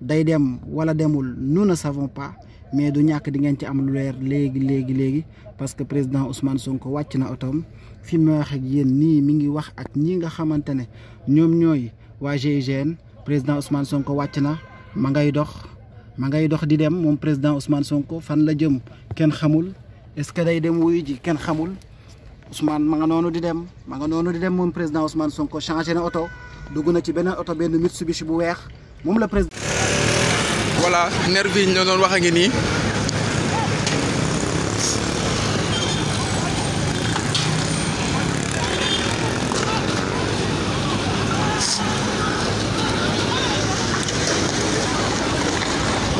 day dem wala demul nous ne savons pas mais du ñak di ngeen ci am lu leer parce que président Ousmane Sonko watina na otoom fi ni wax ak yéen ni mi ngi wax ak ñi nga président Ousmane Sonko Watina, na ma ngay dox ma ngay président Ousmane Sonko fan la jëm ken xamul est-ce que day dem wuy ji ken xamul Ousmane ma nga nonu di dem président Ousmane Sonko changé na auto duguna ci auto benn Mitsubishi bu voilà nervi yi ñu doon wax a ngi nii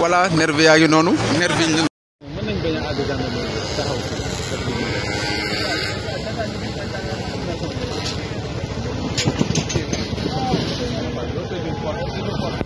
voilà nervi yaa ngi noonu nervi yi